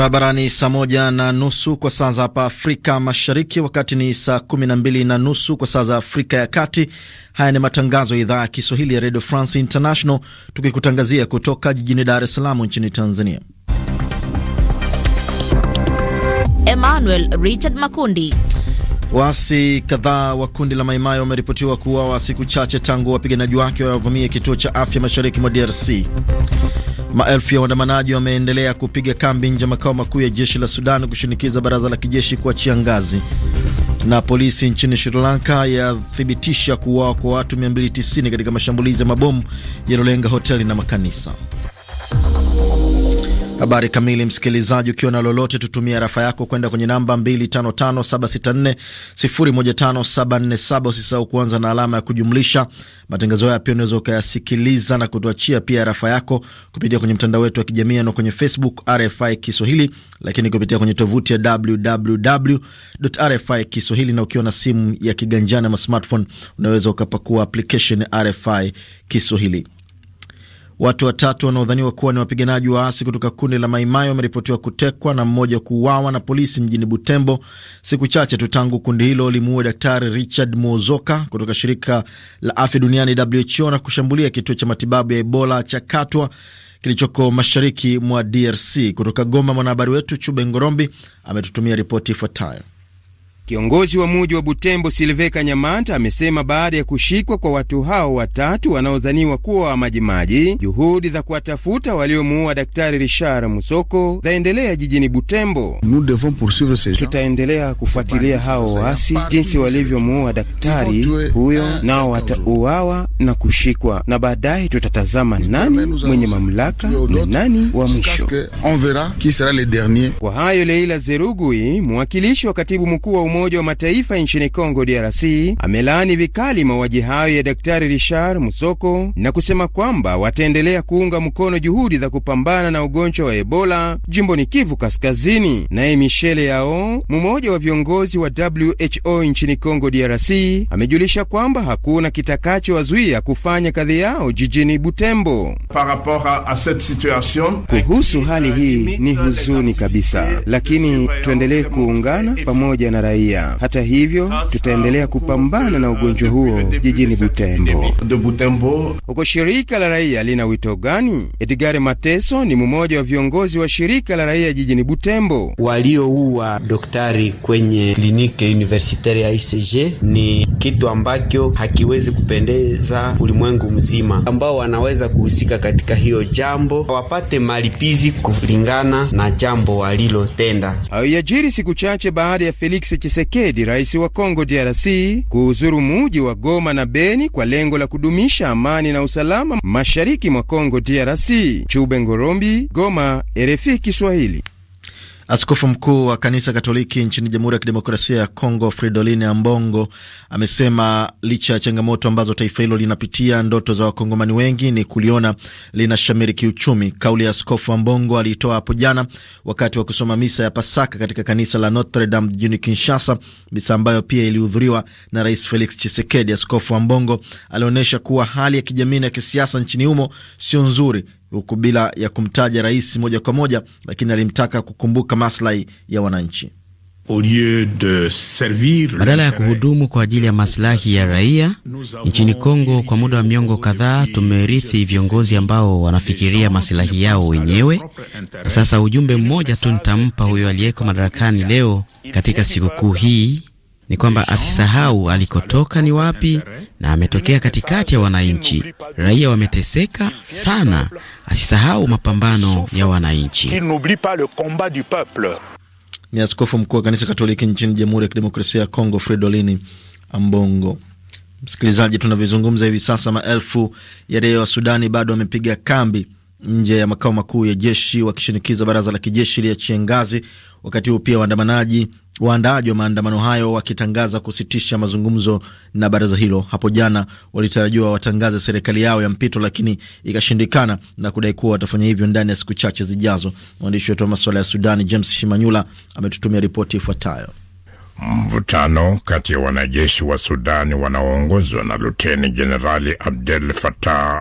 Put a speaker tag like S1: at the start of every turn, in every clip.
S1: Barabarani saa moja na nusu kwa saa za hapa Afrika Mashariki, wakati ni saa kumi na mbili na nusu kwa saa za Afrika ya Kati. Haya ni matangazo ya idhaa ya Kiswahili ya Radio France International, tukikutangazia kutoka jijini Dar es Salaam nchini Tanzania.
S2: Emmanuel Richard Makundi
S1: Waasi kadhaa wa kundi la Maimai wameripotiwa kuuawa siku chache tangu wapiganaji wake wavamie kituo cha afya mashariki mwa DRC. Maelfu ya waandamanaji wameendelea kupiga kambi nje makao makuu ya jeshi la Sudan kushinikiza baraza la kijeshi kuachia ngazi. Na polisi nchini Sri Lanka yathibitisha kuuawa kwa watu 290 katika mashambulizi ya mabomu yaliyolenga hoteli na makanisa. Habari kamili, msikilizaji, ukiwa na lolote, tutumia rafa yako kwenda kwenye namba 255764015747. Usisahau kuanza na alama ya kujumlisha. Matangazo haya pia unaweza ukayasikiliza na kutuachia pia rafa yako kupitia kwenye mtandao wetu wa kijamii na yaani kwenye Facebook RFI Kiswahili, lakini kupitia kwenye tovuti ya www.rfi Kiswahili, na ukiwa na simu ya kiganjani ama smartphone unaweza ukapakua application RFI Kiswahili. Watu watatu wanaodhaniwa kuwa ni wapiganaji waasi kutoka kundi la Maimai wameripotiwa kutekwa na mmoja kuuawa na polisi mjini Butembo, siku chache tu tangu kundi hilo limuue Daktari Richard muozoka kutoka shirika la afya duniani WHO na kushambulia kituo cha matibabu ya Ebola cha Katwa kilichoko mashariki mwa DRC. Kutoka Goma, mwanahabari wetu Chube Ngorombi ametutumia ripoti ifuatayo. Kiongozi wa muji wa Butembo
S3: Silve Kanyamanta amesema baada ya kushikwa kwa watu hao watatu wanaodhaniwa kuwa wa Majimaji, juhudi za kuwatafuta waliomuua Daktari Rishara Musoko zaendelea jijini Butembo. Tutaendelea kufuatilia hao waasi jinsi walivyomuua daktari huyo, nao watauawa na kushikwa, na baadaye tutatazama nani mwenye mamlaka na nani wa mwisho. Kwa hayo, Leila Zerugui, mwakilishi wa katibu mkuu wa Umoja wa Mataifa nchini Congo DRC amelaani vikali mauaji hayo ya Daktari Richard Musoko na kusema kwamba wataendelea kuunga mkono juhudi za kupambana na ugonjwa wa Ebola jimboni Kivu Kaskazini. Naye Michele Yao, mmoja wa viongozi wa WHO nchini Congo DRC, amejulisha kwamba hakuna kitakachowazuia kufanya kadhi yao jijini Butembo. Kuhusu hali hii, ni huzuni kabisa, lakini tuendelee kuungana pamoja na raia raia. Hata hivyo, tutaendelea kupambana na ugonjwa huo jijini Butembo. Huko shirika la raia lina wito gani? Edgar Mateso ni mmoja wa viongozi wa shirika la raia jijini Butembo.
S4: Waliouwa doktari kwenye klinike universitaire ya ICG ni kitu ambacho hakiwezi kupendeza ulimwengu mzima. Ambao wanaweza kuhusika katika hiyo jambo wapate malipizi kulingana na jambo walilotenda.
S3: yajiri siku chache baada ya Felix Tshisekedi, rais wa congo DRC, kuuzuru muji wa Goma na Beni kwa lengo la kudumisha amani na usalama mashariki mwa congo DRC. Chube
S1: Ngorombi,
S3: Goma, RFI Kiswahili.
S1: Askofu mkuu wa kanisa Katoliki nchini Jamhuri ya Kidemokrasia ya Kongo, Fridolin Ambongo, amesema licha ya changamoto ambazo taifa hilo linapitia, ndoto za wakongomani wengi ni kuliona linashamiri kiuchumi. Kauli ya Askofu Ambongo aliitoa hapo jana wakati wa kusoma misa ya Pasaka katika kanisa la Notre Dame jijini Kinshasa, misa ambayo pia ilihudhuriwa na Rais Felix chisekedi Askofu Ambongo alionyesha kuwa hali ya kijamii na kisiasa nchini humo sio nzuri huku bila ya kumtaja rais moja kwa moja, lakini alimtaka kukumbuka maslahi ya wananchi badala ya kuhudumu
S4: kwa ajili ya masilahi ya raia nchini Kongo. Kwa muda wa miongo kadhaa, tumerithi viongozi ambao wanafikiria masilahi yao wenyewe, na sasa ujumbe mmoja tu nitampa huyo aliyeko madarakani leo katika sikukuu hii ni kwamba asisahau alikotoka ni wapi, na ametokea katikati ya wananchi. Raia wameteseka
S1: sana, asisahau mapambano ya wananchi. Ni askofu mkuu wa kanisa Katoliki nchini Jamhuri ya Kidemokrasia ya Kongo, Fridolini Ambongo. Msikilizaji, tunavyozungumza hivi sasa, maelfu ya raia wa Sudani bado wamepiga kambi nje ya makao makuu ya jeshi wakishinikiza baraza la kijeshi liachie ngazi. Wakati huo pia waandamanaji Waandaaji wa maandamano hayo wakitangaza kusitisha mazungumzo na baraza hilo hapo jana, walitarajiwa watangaze serikali yao ya mpito, lakini ikashindikana na kudai kuwa watafanya hivyo ndani ya siku chache zijazo. Mwandishi wetu wa masuala ya Sudani
S5: James Shimanyula ametutumia ripoti ifuatayo. Mvutano kati ya wanajeshi wa Sudani wanaoongozwa na Luteni Jenerali Abdel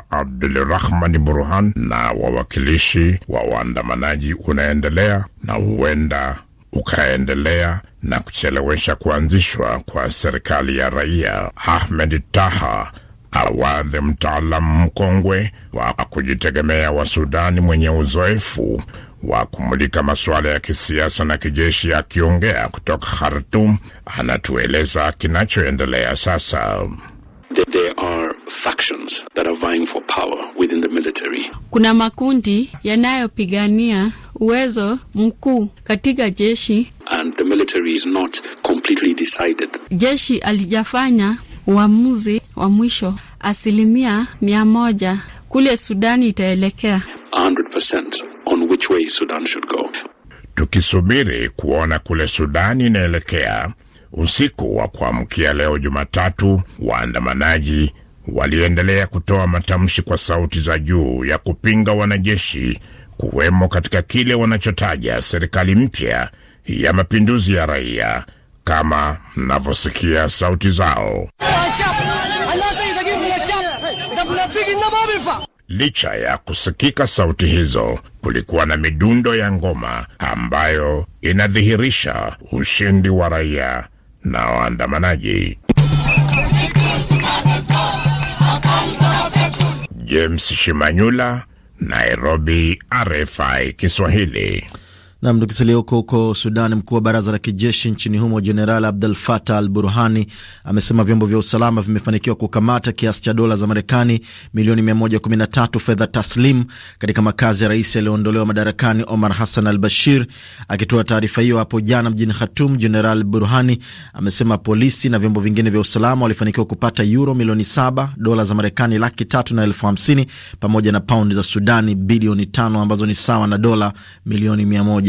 S5: abdul Rahman Burhan na wawakilishi wa waandamanaji unaendelea na huenda ukaendelea na kuchelewesha kuanzishwa kwa serikali ya raia. Ahmed Taha awadhe mtaalamu mkongwe wa kujitegemea wa Sudani mwenye uzoefu wa kumulika masuala ya kisiasa na kijeshi, akiongea kutoka Khartum, anatueleza kinachoendelea sasa that there are factions that are vying for power within the military.
S2: Kuna makundi yanayopigania uwezo mkuu katika jeshi.
S6: And the military is not completely decided.
S2: Jeshi alijafanya uamuzi wa mwisho asilimia mia moja kule Sudani itaelekea
S6: 100% on which way Sudan should go.
S5: Tukisubiri kuona kule Sudani inaelekea Usiku wa kuamkia leo Jumatatu, waandamanaji waliendelea kutoa matamshi kwa sauti za juu ya kupinga wanajeshi kuwemo katika kile wanachotaja serikali mpya ya mapinduzi ya raia, kama mnavyosikia sauti zao. Licha ya kusikika sauti hizo, kulikuwa na midundo ya ngoma ambayo inadhihirisha ushindi wa raia na waandamanaji. James Shimanyula, Nairobi, RFI Kiswahili. Nam,
S1: tukisalia huko huko Sudani, mkuu wa baraza la kijeshi nchini humo Jeneral Abdul Fatah al Burhani amesema vyombo vya usalama vimefanikiwa kukamata kiasi cha dola za Marekani milioni 113 fedha taslim katika makazi ya rais aliyoondolewa madarakani Omar Hassan al Bashir. Akitoa taarifa hiyo hapo jana mjini Khartoum, Jeneral Burhani amesema polisi na vyombo vingine vya usalama walifanikiwa kupata euro milioni 7, dola za Marekani laki tatu na elfu hamsini pamoja na paundi za Sudani bilioni 5 ambazo ni sawa na dola milioni 100.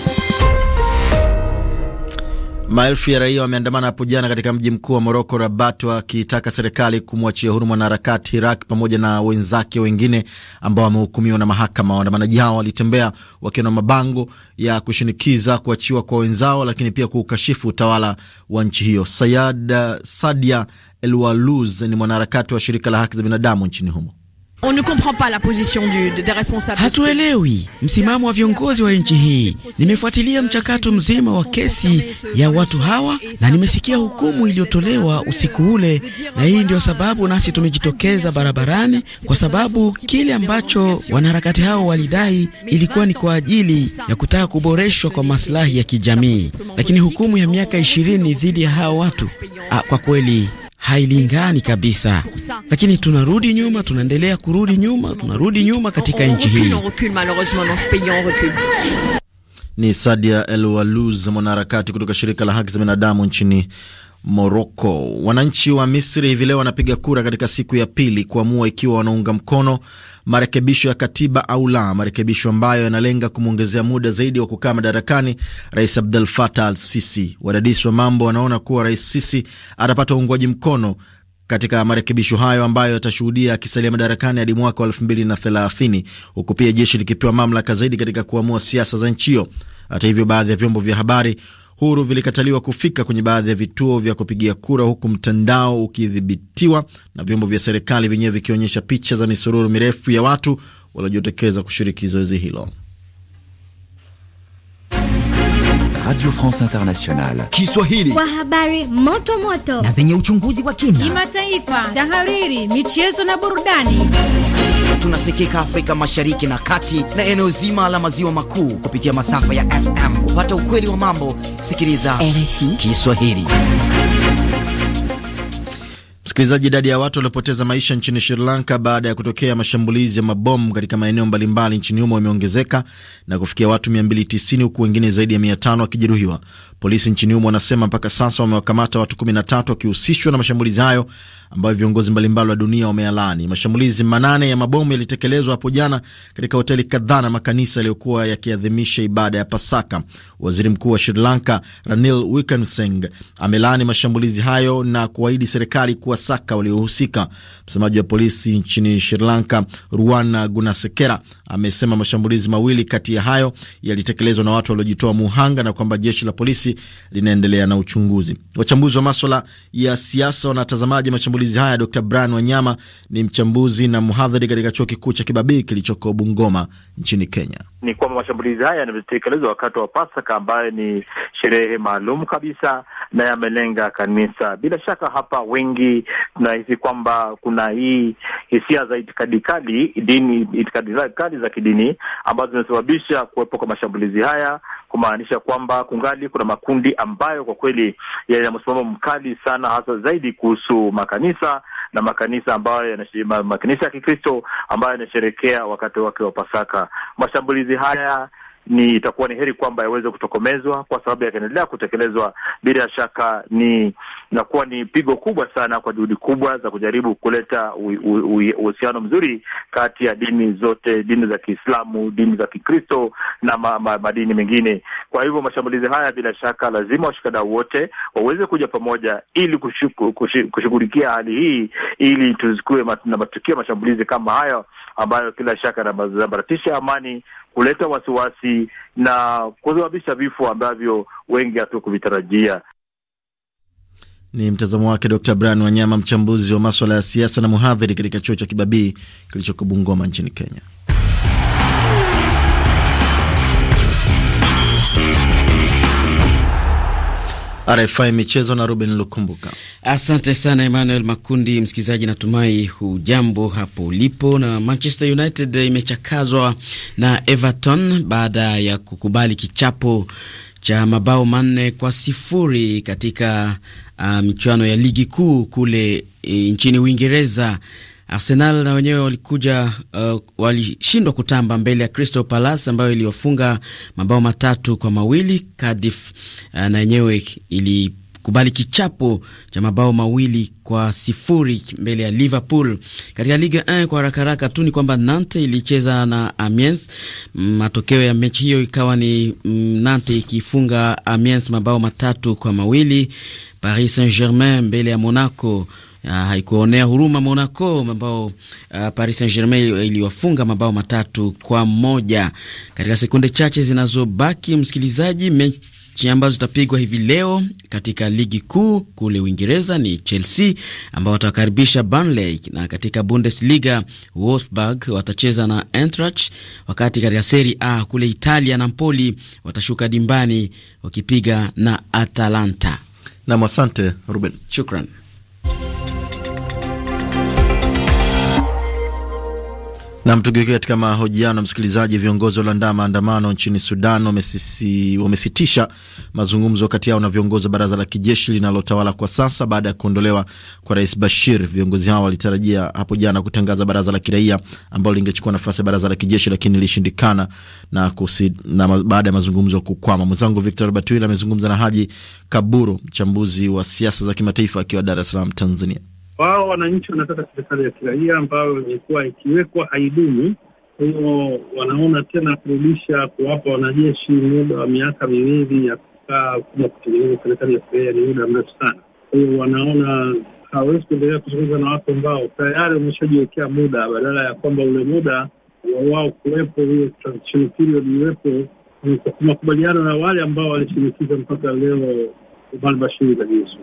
S1: Maelfu ya raia wameandamana hapo jana katika mji mkuu wa Moroko, Rabat, wakitaka serikali kumwachia huru mwanaharakati Hirak pamoja na wenzake wengine ambao wamehukumiwa na mahakama. Waandamanaji hao walitembea wakiwa na mabango ya kushinikiza kuachiwa kwa wenzao, lakini pia kuukashifu utawala wa nchi hiyo. Sayad Sadia Elwaluz ni mwanaharakati wa shirika la haki za binadamu nchini humo.
S7: On ne comprend pas la position du, des responsables.
S1: Hatuelewi msimamo wa viongozi wa nchi
S4: hii. Nimefuatilia mchakato mzima wa kesi ya watu hawa na nimesikia hukumu iliyotolewa usiku ule, na hii ndio sababu nasi tumejitokeza barabarani, kwa sababu kile ambacho wanaharakati hao walidai ilikuwa ni kwa ajili ya kutaka kuboreshwa kwa maslahi ya kijamii. Lakini hukumu ya miaka ishirini dhidi ya hao watu, ah, kwa kweli hailingani kabisa, lakini tunarudi nyuma, tunaendelea
S1: kurudi nyuma, tunarudi nyuma katika nchi hii. Ni Sadia El Waluz, mwanaharakati kutoka shirika la haki za binadamu nchini Moroko. Wananchi wa Misri hivi leo wanapiga kura katika siku ya pili kuamua ikiwa wanaunga mkono marekebisho ya katiba au la, marekebisho ambayo yanalenga kumwongezea muda zaidi wa kukaa madarakani Rais Abdel Fattah al Sisi. Wadadisi wa mambo wanaona kuwa Rais Sisi atapata uungwaji mkono katika marekebisho hayo ambayo yatashuhudia akisalia madarakani hadi mwaka wa elfu mbili na thelathini huku pia jeshi likipewa mamlaka zaidi katika kuamua siasa za nchi hiyo. Hata hivyo, baadhi ya vyombo vya habari huru vilikataliwa kufika kwenye baadhi ya vituo vya kupigia kura, huku mtandao ukidhibitiwa na vyombo vya serikali vyenyewe vikionyesha picha za misururu mirefu ya watu waliojitokeza kushiriki zoezi hilo. Radio France Internationale Kiswahili,
S2: kwa habari moto moto na
S4: zenye uchunguzi wa kina,
S2: kimataifa, tahariri, michezo na burudani.
S4: Tunasikika Afrika Mashariki na Kati na eneo zima la maziwa makuu kupitia masafa ya FM kupata ukweli wa mambo, sikiliza
S1: RFI
S2: Kiswahili.
S1: Msikilizaji, idadi ya watu waliopoteza maisha nchini Sri Lanka baada ya kutokea mashambulizi ya mabomu katika maeneo mbalimbali nchini humo imeongezeka na kufikia watu 290 huku wengine zaidi ya 500 wakijeruhiwa. Polisi nchini humo wanasema mpaka sasa wamewakamata watu 13 wakihusishwa na mashambulizi hayo ambayo viongozi mbalimbali wa dunia wameyalani. Mashambulizi manane ya mabomu yalitekelezwa hapo jana katika hoteli kadhaa na makanisa yaliyokuwa yakiadhimisha ibada ya Pasaka. Waziri Mkuu wa Sri Lanka Ranil Wickremesinghe amelaani mashambulizi hayo na kuahidi serikali kuwasaka waliohusika. Msemaji wa polisi nchini Sri Lanka Ruwana Gunasekera amesema mashambulizi mawili kati ya hayo yalitekelezwa na watu waliojitoa muhanga na kwamba jeshi la polisi linaendelea na uchunguzi. Wachambuzi wa maswala ya siasa wanatazamaji mashambulizi mashambulizi haya. Dr Brian Wanyama ni mchambuzi na mhadhiri katika chuo kikuu cha Kibabii kilichoko Bungoma nchini Kenya.
S8: Ni kwamba mashambulizi haya yanatekelezwa wakati wa Pasaka ambayo ni sherehe maalum kabisa na yamelenga kanisa. Bila shaka, hapa wengi tunahisi kwamba kuna hii hisia za itikadi kali dini, itikadi kali za kidini ambazo zimesababisha kuwepo kwa mashambulizi haya kumaanisha kwamba kungali kuna makundi ambayo kwa kweli yana msimamo mkali sana, hasa zaidi kuhusu makanisa na makanisa ambayo makanisa ya Kikristo ambayo yanasherekea wakati wake wa Pasaka. Mashambulizi haya ni itakuwa ni heri kwamba yaweze kutokomezwa, kwa sababu yakaendelea kutekelezwa, bila shaka ni inakuwa ni pigo kubwa sana kwa juhudi kubwa za kujaribu kuleta uhusiano mzuri kati ya dini zote, dini za Kiislamu, dini za Kikristo na ma, ma, madini mengine. Kwa hivyo mashambulizi haya, bila shaka, lazima washikadau wote waweze kuja pamoja ili kushughulikia hali hii, ili tusikue na matukio ya mashambulizi kama hayo ambayo kila shaka yanasambaratisha amani kuleta wasiwasi na kusababisha vifo ambavyo wengi hatukuvitarajia.
S1: Ni mtazamo wake Dr Brian Wanyama, mchambuzi wa maswala ya siasa na mhadhiri katika chuo cha Kibabii kilichoko Bungoma nchini Kenya. RFI Michezo na Ruben Lukumbuka.
S4: Asante sana Emmanuel Makundi. Msikilizaji, natumai hujambo hapo ulipo. Na Manchester United imechakazwa na Everton baada ya kukubali kichapo cha mabao manne kwa sifuri katika uh, michuano ya ligi kuu kule e, nchini Uingereza Arsenal na wenyewe walikuja uh, walishindwa kutamba mbele ya Crystal Palace ambayo iliwafunga mabao matatu kwa mawili. Cardiff uh, na yenyewe ili kubali kichapo cha mabao mawili kwa sifuri mbele ya Liverpool. Katika Ligue 1 kwa haraka haraka tu ni kwamba Nantes ilicheza na Amiens. Matokeo ya mechi hiyo ikawa ni mm, Nantes ikifunga Amiens mabao matatu kwa mawili. Paris Saint-Germain mbele ya Monaco Ah, haikuonea huruma Monaco ambao uh, ah, Paris Saint-Germain iliwafunga mabao matatu kwa moja katika sekunde chache zinazobaki. Msikilizaji, mechi ambazo zitapigwa hivi leo katika ligi kuu kule Uingereza ni Chelsea ambao watawakaribisha Burnley, na katika Bundesliga Wolfsburg watacheza na Eintracht, wakati katika Serie A kule Italia Napoli watashuka dimbani wakipiga na Atalanta. Nam, asante Ruben, shukran.
S1: Nam, tugeukia katika mahojiano msikilizaji. Viongozi walioandaa maandamano nchini Sudan wamesitisha mazungumzo kati yao na viongozi wa baraza la kijeshi linalotawala kwa sasa baada ya kuondolewa kwa rais Bashir. Viongozi hao walitarajia hapo jana kutangaza baraza la kiraia ambalo lingechukua nafasi ya baraza la kijeshi, lakini lilishindikana na, na baada ya mazungumzo kukwama. Mwenzangu Victor Batwil amezungumza na Haji Kaburu, mchambuzi wa siasa za kimataifa, akiwa Dar es Salaam, Tanzania
S6: wao wananchi wanataka serikali ya kiraia ambayo imekuwa ikiwekwa haidumu. Kwa hiyo wanaona tena kurudisha kuwapa wanajeshi muda wa miaka miwili ya kukaa kuja kutengeneza serikali ya kiraia ni muda mrefu sana. Kwa hiyo wanaona hawawezi kuendelea kuzungumza na watu ambao tayari wameshajiwekea muda, badala ya kwamba ule muda wao kuwepo, hiyo transition period iwepo, ni kwa makubaliano ya wale ambao walishinikiza mpaka leo Omar Bashir aliyesu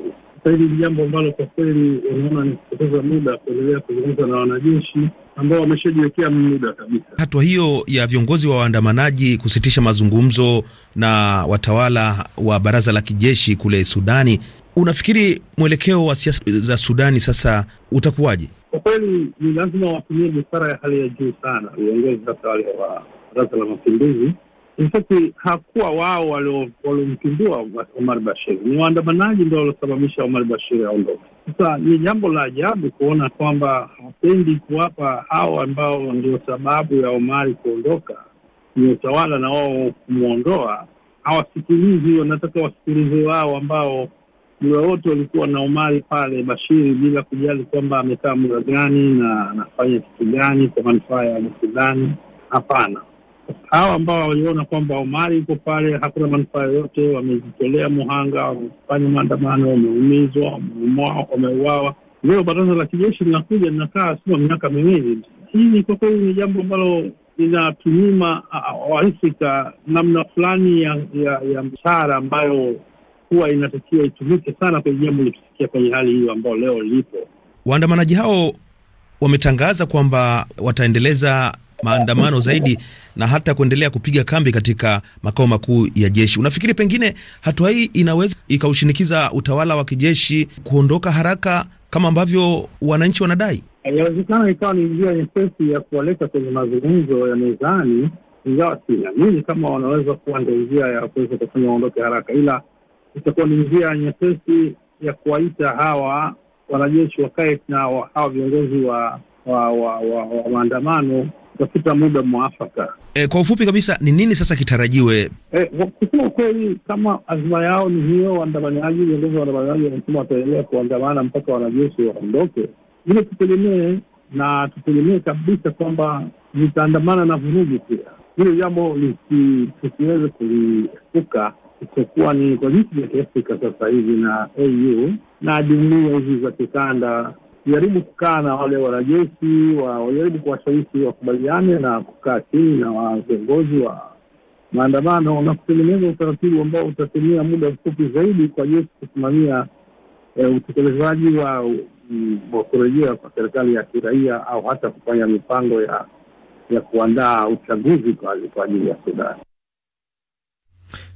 S6: sasa hivi jambo ambalo kwa kweli wanaona ni kupoteza muda kuendelea kuzungumza na wanajeshi ambao wameshajiwekea muda kabisa.
S9: Hatua hiyo ya viongozi wa waandamanaji kusitisha mazungumzo na watawala wa baraza la kijeshi kule Sudani, unafikiri mwelekeo wa siasa za Sudani sasa utakuwaje?
S6: Kwa kweli ni lazima watumie busara ya hali ya juu sana viongozi hasa wale wa baraza la mapinduzi Ripoti hakuwa wao waliomtumbua Omar Bashir, ni waandamanaji ndio waliosababisha Omar Bashir aondoke. Sasa ni jambo la ajabu kuona kwamba hapendi kuwapa hao ambao ndio sababu ya Omari kuondoka ni utawala na wao kumwondoa, hawasikilizi. Wanataka wasikilizi wao ambao muda wote walikuwa na Omari pale Bashiri, bila kujali kwamba amekaa muda gani na anafanya kitu gani kwa manufaa ya mtu gani. Hapana hawa ambao waliona kwamba Omari yuko pale, hakuna manufaa yoyote, wamejitolea muhanga, wamefanya maandamano, wameumizwa, wameuawa. Leo baraza la kijeshi linakuja linakaa sima miaka miwili. Hii kwa kweli ni jambo ambalo linatunyima waafrika uh, namna fulani ya ya, ya msara ambayo huwa inatakiwa itumike sana kwenye jambo likifikia kwenye hali hiyo ambayo leo lipo.
S9: Waandamanaji hao wametangaza kwamba wataendeleza maandamano zaidi na hata kuendelea kupiga kambi katika makao makuu ya jeshi. Unafikiri pengine hatua hii inaweza ikaushinikiza utawala wa kijeshi kuondoka haraka kama ambavyo wananchi wanadai?
S6: Inawezekana ikawa ni njia nyepesi ya kuwaleta kwenye mazungumzo ya mezani, ingawa sinaamini kama wanaweza kuwa ndio njia ya kuweza kufanya waondoke haraka, ila itakuwa ni njia nyepesi ya kuwaita hawa wanajeshi wakae na hawa viongozi wa wa wa, wa, wa maandamano kutafuta muda mwafaka.
S9: E, kwa ufupi kabisa ni nini sasa kitarajiwe?
S6: E, kusema kweli, kama azma yao ni hiyo, waandamanaji, viongozi wa waandamanaji wanasema wataendelea kuandamana mpaka wanajeshi waondoke, ile tutegemee na tutegemee kabisa kwamba zitaandamana na vurugu pia, hilo jambo tusiweze kuliepuka isipokuwa ni kwa jinsi vya Kiafrika sasa hivi na au na jumuia hizi za kikanda kujaribu kukaa na wale wanajeshi, wajaribu kuwashawishi wakubaliane na kukaa chini na viongozi wa maandamano na kutengeneza utaratibu ambao utatumia muda mfupi zaidi kwa jeshi kusimamia eh, utekelezaji wa mm, wa kurejea kwa serikali ya kiraia au hata kufanya mipango ya ya kuandaa uchaguzi kwa ajili ya Sudani.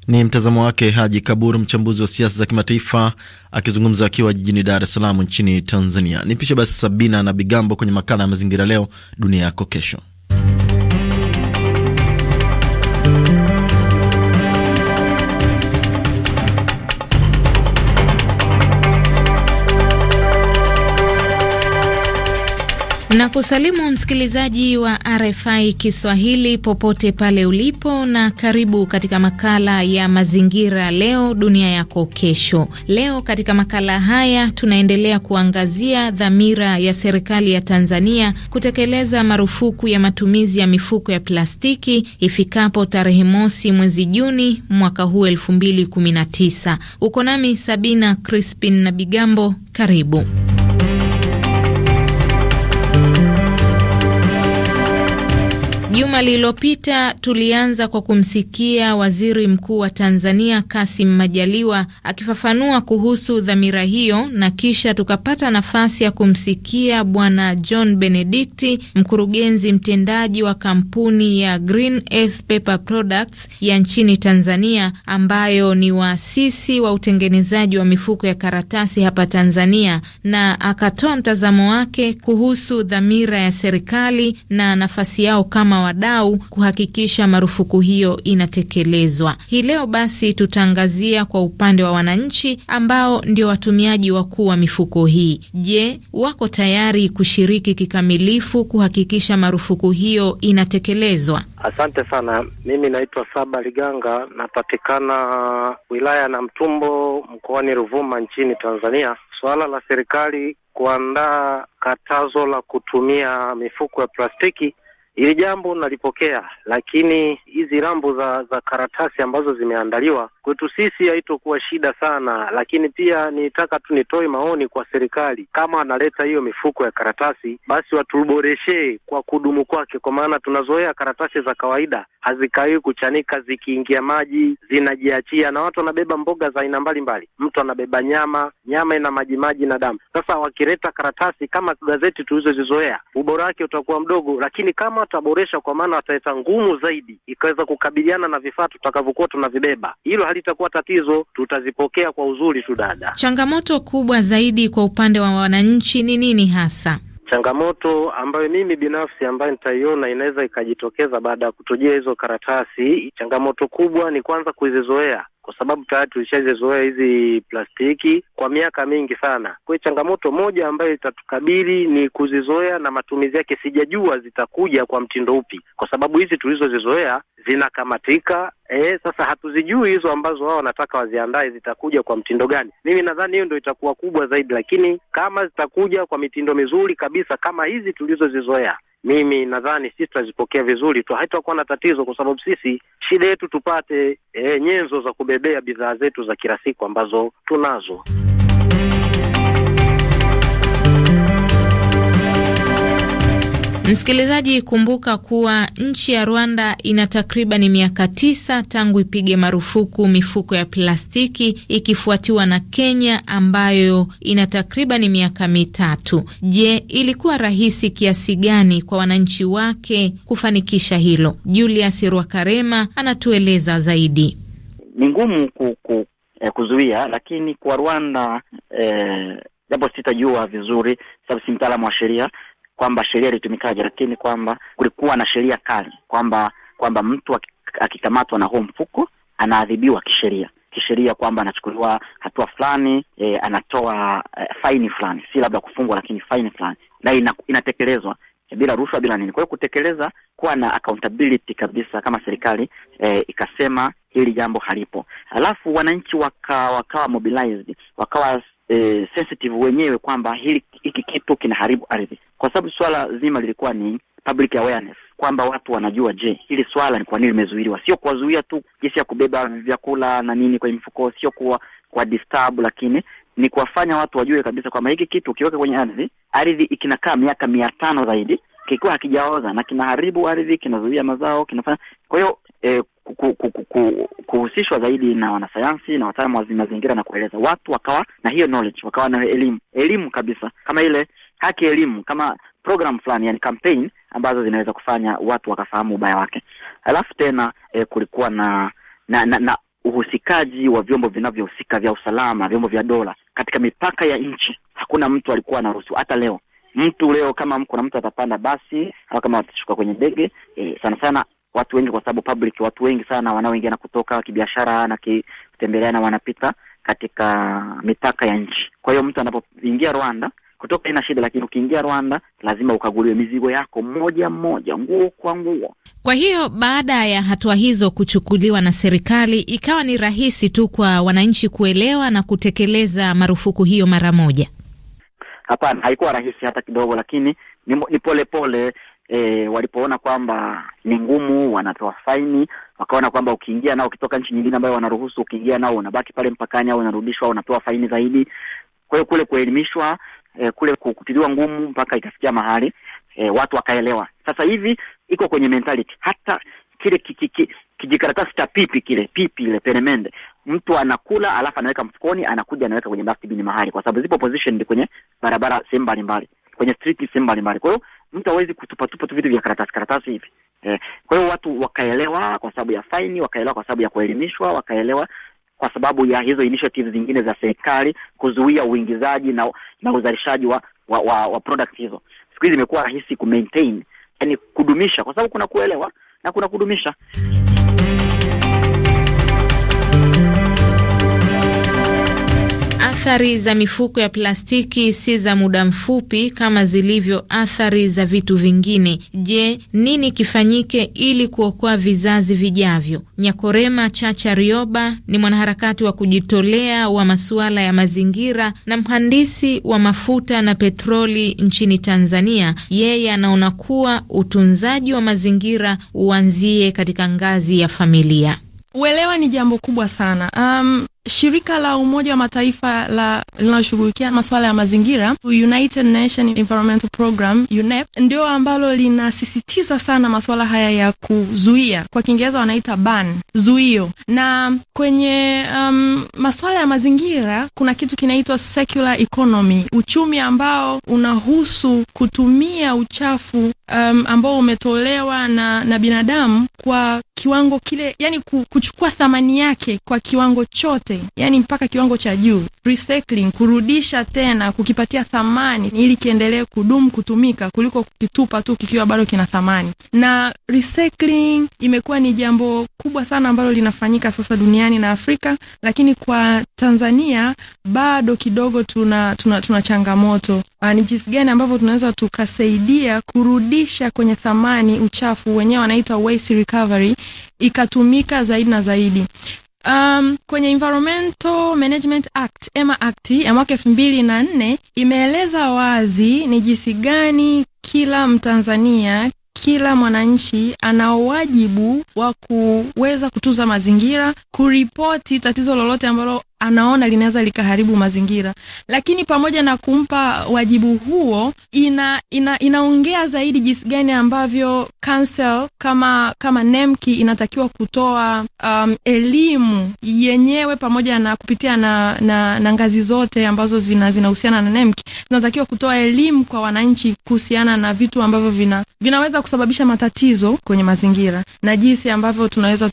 S1: Ni mtazamo wake Haji Kaburu, mchambuzi wa siasa za kimataifa akizungumza akiwa jijini Dar es Salaam nchini Tanzania. Nipishe basi Sabina na Bigambo kwenye makala ya mazingira, leo dunia yako kesho.
S2: na kusalimu msikilizaji wa RFI Kiswahili popote pale ulipo, na karibu katika makala ya mazingira leo dunia yako kesho. Leo katika makala haya tunaendelea kuangazia dhamira ya serikali ya Tanzania kutekeleza marufuku ya matumizi ya mifuko ya plastiki ifikapo tarehe mosi mwezi Juni mwaka huu 2019. Uko nami Sabina Crispin na Bigambo, karibu. Juma lililopita tulianza kwa kumsikia waziri mkuu wa Tanzania Kasim Majaliwa akifafanua kuhusu dhamira hiyo, na kisha tukapata nafasi ya kumsikia bwana John Benedikti, mkurugenzi mtendaji wa kampuni ya Green Earth Paper Products ya nchini Tanzania, ambayo ni waasisi wa utengenezaji wa mifuko ya karatasi hapa Tanzania, na akatoa mtazamo wake kuhusu dhamira ya serikali na nafasi yao kama wadau kuhakikisha marufuku hiyo inatekelezwa. Hii leo basi tutaangazia kwa upande wa wananchi ambao ndio watumiaji wakuu wa mifuko hii. Je, wako tayari kushiriki kikamilifu kuhakikisha marufuku hiyo inatekelezwa?
S10: Asante sana. Mimi naitwa Saba Liganga, napatikana wilaya na mtumbo mkoani Ruvuma nchini Tanzania. Suala la serikali kuandaa katazo la kutumia mifuko ya plastiki Hili jambo nalipokea, lakini hizi rambo za za karatasi ambazo zimeandaliwa kwetu sisi haitokuwa shida sana, lakini pia nitaka tu nitoe maoni kwa serikali, kama analeta hiyo mifuko ya karatasi, basi watuboreshee kwa kudumu kwake, kwa maana tunazoea karatasi za kawaida hazikawii kuchanika, zikiingia maji zinajiachia, na watu wanabeba mboga za aina mbalimbali, mtu anabeba nyama, nyama ina maji maji na damu. Sasa wakileta karatasi kama gazeti tulizozizoea, ubora wake utakuwa mdogo, lakini kama kama ataboresha, kwa maana ataleta ngumu zaidi ikaweza kukabiliana na vifaa tutakavyokuwa tunavibeba, hilo halitakuwa tatizo, tutazipokea kwa uzuri tu. Dada,
S2: changamoto kubwa zaidi kwa upande wa wananchi ni nini hasa?
S10: Changamoto ambayo mimi binafsi ambayo nitaiona inaweza ikajitokeza baada ya kutujia hizo karatasi, changamoto kubwa ni kwanza kuzizoea kwa sababu tayari tulishazizoea hizi plastiki kwa miaka mingi sana. Kwa hiyo changamoto moja ambayo itatukabili ni kuzizoea, na matumizi yake sijajua zitakuja kwa mtindo upi, kwa sababu hizi tulizozizoea zinakamatika. E, sasa hatuzijui hizo ambazo wao wanataka waziandae zitakuja kwa mtindo gani. Mimi nadhani hiyo ndo itakuwa kubwa zaidi, lakini kama zitakuja kwa mitindo mizuri kabisa kama hizi tulizozizoea mimi nadhani sisi tutazipokea vizuri tu, haitakuwa na tatizo, kwa sababu sisi shida yetu tupate e, nyenzo za kubebea bidhaa zetu za kila siku ambazo tunazo.
S2: Msikilizaji, kumbuka kuwa nchi ya Rwanda ina takribani miaka tisa tangu ipige marufuku mifuko ya plastiki ikifuatiwa na Kenya ambayo ina takribani miaka mitatu. Je, ilikuwa rahisi kiasi gani kwa wananchi wake kufanikisha hilo? Julius Rwakarema anatueleza zaidi.
S11: Ni ngumu ku, ku, eh, kuzuia, lakini kwa Rwanda eh, japo sitajua vizuri sababu si mtaalamu wa sheria kwamba sheria ilitumikaje, lakini kwamba kulikuwa na sheria kali kwamba kwamba mtu akikamatwa na huo mfuko anaadhibiwa kisheria kisheria kwamba anachukuliwa hatua fulani e, anatoa e, faini fulani, si labda kufungwa, lakini faini fulani, na ina, inatekelezwa e, bila rushwa bila nini. Kwa hiyo kutekeleza, kuwa na accountability kabisa kama serikali e, ikasema hili jambo halipo, alafu wananchi wakawa waka mobilized, wakawa e, sensitive wenyewe kwamba hili hiki kitu kinaharibu ardhi, kwa sababu swala zima lilikuwa ni public awareness kwamba watu wanajua, je, hili swala ni kwa nini limezuiliwa, sio kuwazuia tu jinsi ya kubeba vyakula na nini kwenye mfuko, sio kuwa kwa disturb, lakini ni kuwafanya watu wajue kabisa kwamba hiki kitu ukiweka kwenye ardhi, ardhi ikinakaa miaka mia tano zaidi kikiwa hakijaoza na kinaharibu ardhi, kinazuia mazao, kinafanya kwa hiyo eh, kuhusishwa zaidi na wanasayansi na wataalamu wa mazingira na kueleza watu, wakawa na hiyo knowledge, wakawa na elimu elimu kabisa, kama ile haki elimu, kama program fulani, yani campaign ambazo zinaweza kufanya watu wakafahamu ubaya wake. Alafu tena eh, kulikuwa na na, na na uhusikaji wa vyombo vinavyohusika vya usalama, vyombo vya dola katika mipaka ya nchi. Hakuna mtu alikuwa anaruhusiwa hata leo mtu leo, kama kuna mtu atapanda basi au kama atashuka kwenye ndege eh, sana sana watu wengi, kwa sababu public, watu wengi sana wanaoingia na kutoka kibiashara na kitembeleana, wanapita katika mipaka ya nchi. Kwa hiyo mtu anapoingia Rwanda kutoka ina shida, lakini ukiingia Rwanda lazima ukaguliwe mizigo yako moja moja, nguo kwa nguo.
S2: Kwa hiyo baada ya hatua hizo kuchukuliwa na serikali, ikawa ni rahisi tu kwa wananchi kuelewa na kutekeleza marufuku hiyo mara moja?
S11: Hapana, haikuwa rahisi hata kidogo, lakini ni, ni pole pole e, walipoona kwamba ni ngumu, wanatoa faini, wakaona kwamba ukiingia nao ukitoka nchi nyingine ambayo wanaruhusu, ukiingia nao unabaki pale mpakani au unarudishwa, unapewa faini zaidi. Kwa hiyo kule kuelimishwa, e, kule kutiliwa ngumu, mpaka ikafikia mahali e, watu wakaelewa. Sasa hivi iko kwenye mentality hata kile kijikaratasi cha pipi kile pipi ile peremende, mtu anakula alafu anaweka mfukoni, anakuja anaweka kwenye dustbin mahali, kwa sababu zipo position kwenye barabara sehemu mbalimbali, kwenye street sehemu mbalimbali. Kwa hiyo mtu hawezi kutupatupa tu vitu vya karatasi karatasi hivi eh. Kwa hiyo watu wakaelewa kwa sababu ya faini, wakaelewa kwa sababu ya kuelimishwa, wakaelewa kwa sababu ya hizo initiative zingine za serikali kuzuia uingizaji na, na uzalishaji wa wa, wa, wa product hizo. Siku hizi imekuwa rahisi maintain yani kudumisha, kwa sababu kuna kuelewa na kuna kudumisha.
S2: Athari za mifuko ya plastiki si za muda mfupi kama zilivyo athari za vitu vingine. Je, nini kifanyike ili kuokoa vizazi vijavyo? Nyakorema Chacha Rioba ni mwanaharakati wa kujitolea wa masuala ya mazingira na mhandisi wa mafuta na petroli nchini Tanzania. Yeye anaona kuwa utunzaji wa mazingira uanzie katika ngazi ya familia.
S7: Uelewa ni jambo kubwa sana. Um, Shirika la Umoja wa Mataifa la linaloshughulikia masuala ya mazingira, United Nations Environmental Program, UNEP, ndio ambalo linasisitiza sana masuala haya ya kuzuia, kwa Kiingereza wanaita ban, zuio. Na kwenye um, masuala ya mazingira kuna kitu kinaitwa circular economy, uchumi ambao unahusu kutumia uchafu um, ambao umetolewa na, na binadamu kwa kiwango kile, yani kuchukua thamani yake kwa kiwango chote yote, yani mpaka kiwango cha juu. Recycling, kurudisha tena, kukipatia thamani ili kiendelee kudumu kutumika kuliko kukitupa tu kikiwa bado kina thamani. Na recycling imekuwa ni jambo kubwa sana ambalo linafanyika sasa duniani na Afrika, lakini kwa Tanzania bado kidogo tuna, tuna, tuna changamoto. Ah, ni jinsi gani ambavyo tunaweza tukasaidia kurudisha kwenye thamani uchafu wenyewe wanaita waste recovery ikatumika zaidi na zaidi. Um, kwenye Environmental Management Act, EMA Act ya mwaka elfu mbili na nne imeeleza wazi ni jinsi gani kila Mtanzania kila mwananchi ana wajibu wa kuweza kutunza mazingira, kuripoti tatizo lolote ambalo anaona linaweza likaharibu mazingira, lakini pamoja na kumpa wajibu huo, ina, ina, inaongea zaidi jinsi gani ambavyo council kama, kama NEMKI inatakiwa kutoa um, elimu yenyewe pamoja na kupitia na, na, na ngazi zote ambazo zinahusiana zina na NEMKI zinatakiwa kutoa elimu kwa wananchi kuhusiana na vitu ambavyo vina, vinaweza kusababisha matatizo kwenye mazingira na jinsi ambavyo tunaweza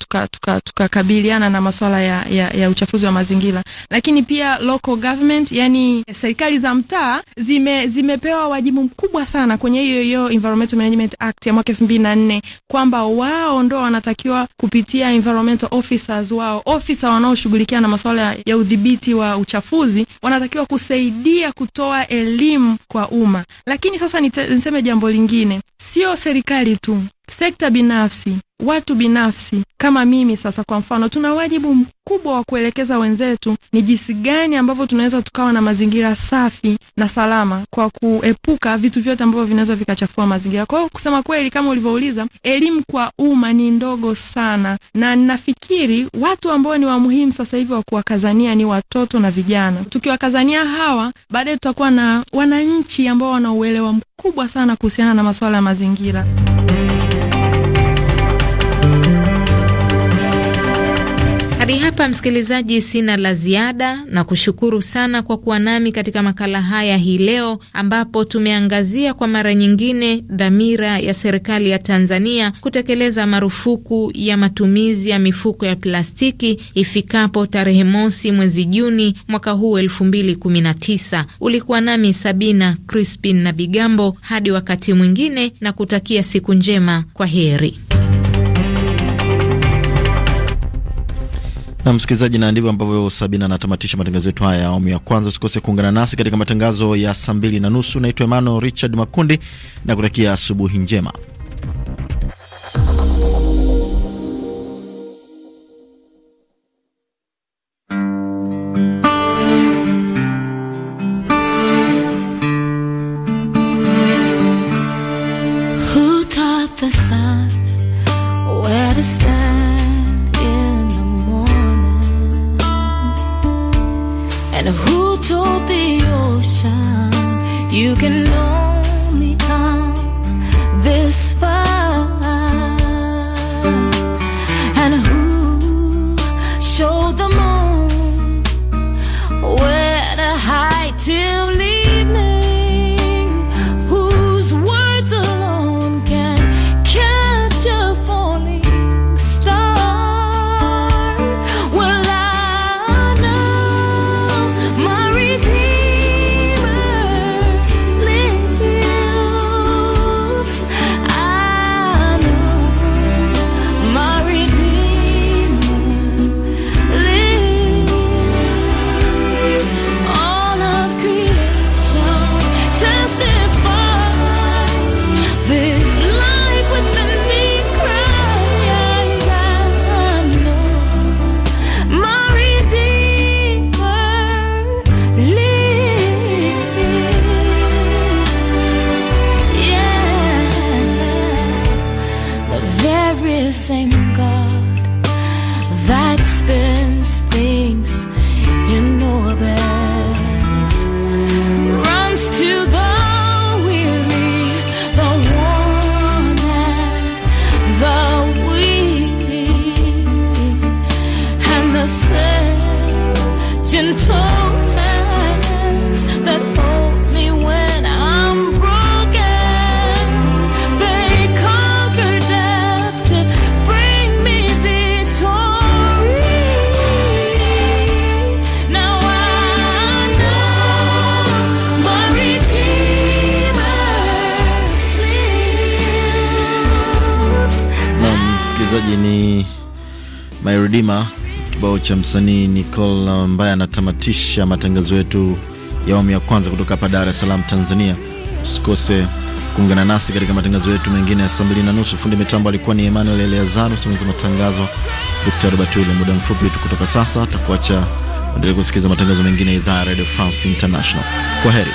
S7: tukakabiliana tuka, tuka na masuala ya, ya, ya uchafuzi wa mazingira kwanza, lakini pia local government, yani serikali za mtaa zime, zimepewa wajibu mkubwa sana kwenye hiyo hiyo Environmental Management Act ya mwaka 2004 kwamba wao ndo wanatakiwa kupitia environmental officers wao, ofisa wanaoshughulikia na masuala ya udhibiti wa uchafuzi, wanatakiwa kusaidia kutoa elimu kwa umma. Lakini sasa nite, niseme jambo lingine Sio serikali tu, sekta binafsi, watu binafsi kama mimi sasa, kwa mfano, tuna wajibu mkubwa wa kuelekeza wenzetu ni jinsi gani ambavyo tunaweza tukawa na mazingira safi na salama, kwa kuepuka vitu vyote ambavyo vinaweza vikachafua mazingira. Kwa hiyo kusema kweli, kama ulivyouliza, elimu kwa umma ni ndogo sana, na nafikiri watu ambao ni wamuhimu sasa hivi wa kuwakazania ni watoto na vijana. Tukiwakazania hawa, baadaye tutakuwa na wananchi ambao wana uelewa kubwa sana kuhusiana na masuala ya mazingira.
S2: Hadi hapa msikilizaji, sina la ziada na kushukuru sana kwa kuwa nami katika makala haya hii leo, ambapo tumeangazia kwa mara nyingine dhamira ya serikali ya Tanzania kutekeleza marufuku ya matumizi ya mifuko ya plastiki ifikapo tarehe mosi mwezi Juni mwaka huu elfu mbili kumi na tisa. Ulikuwa nami Sabina Crispin na Bigambo. Hadi wakati mwingine, na kutakia siku njema. Kwa heri.
S1: Na msikilizaji, na ndivyo ambavyo Sabina anatamatisha matangazo yetu haya ya awamu ya kwanza. Usikose kuungana nasi katika matangazo ya saa mbili na nusu. Naitwa Emmanuel Richard Makundi na kutakia asubuhi njema. msikilizaji, ni Mairidima kibao cha msanii Nicole ambaye anatamatisha matangazo yetu ya awamu ya kwanza kutoka hapa Dar es Salaam, Tanzania. Usikose kuungana nasi katika matangazo yetu mengine ya saa mbili na nusu. Fundi mitambo alikuwa ni Emmanuel Eleazar, msimamizi matangazo Victor Batule. Muda mfupi tu kutoka sasa takuacha endelea kusikiliza matangazo mengine ya idhaa ya Radio France International. Kwa heri.